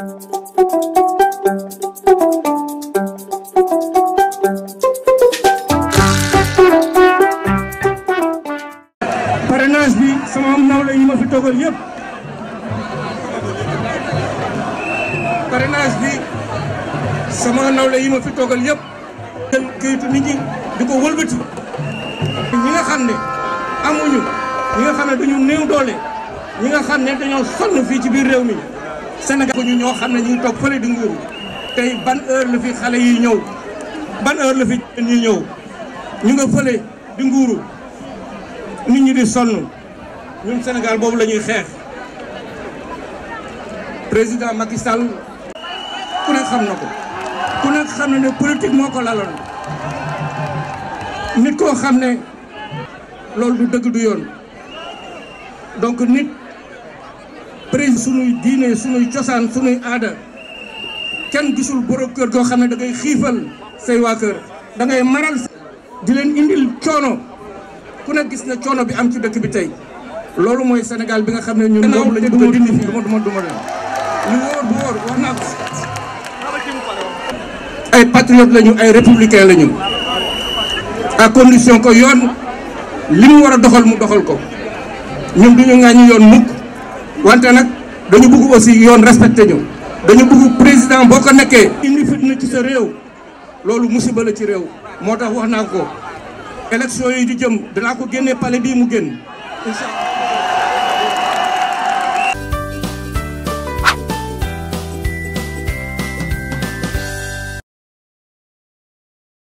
parrainage bi sama nawle yi ma fi toogal yëpp parrainage bi sama nawle yi ma fi toogal yëpp kenn këyitu nit ñi di ko wëlbati ñi nga xam ne amuñu ñi nga xam ne dañu néew doole ñi nga xam ne dañoo sonn fii ci biir réew mi Sénégal ñu ñoo xam ne ñu ngi toog fële di nguuru tey ban heure la fi xale yi ñëw ban heure la fi ñuy ñëw ñu nga fële di nguuru nit ñi di sonn ñun Sénégal boobu la ñuy xeex président Macky Sall ku nekk xam na ko ku nekk xam na ne politique moo ko laloon nit koo xam ne loolu du dëgg du yoon donc nit président sunuy diine sunuy cosaan sunuy aada kenn gisul borom kër goo xam ne da ngay xiifal say waa kër da ngay maral di leen indil coono ku ne gis na coono bi am ci dëkk bi tey loolu mooy Sénégal bi nga xam ne ñun moom la ñu bëgg a dindi fii duma duma duma leen lu wóor ay patriotes lañu ay républicains condition que yoon li mu war a doxal mu doxal ko ñu yoon mukk wante nag dañu bëgg aussi yoon respecté ñu dañu bëgg président boo ko nekkee indi fitna ci sa réew loolu musiba la ci réew moo tax wax naa ko élection yi di jëm danaa ko génnee palais bii mu génn incha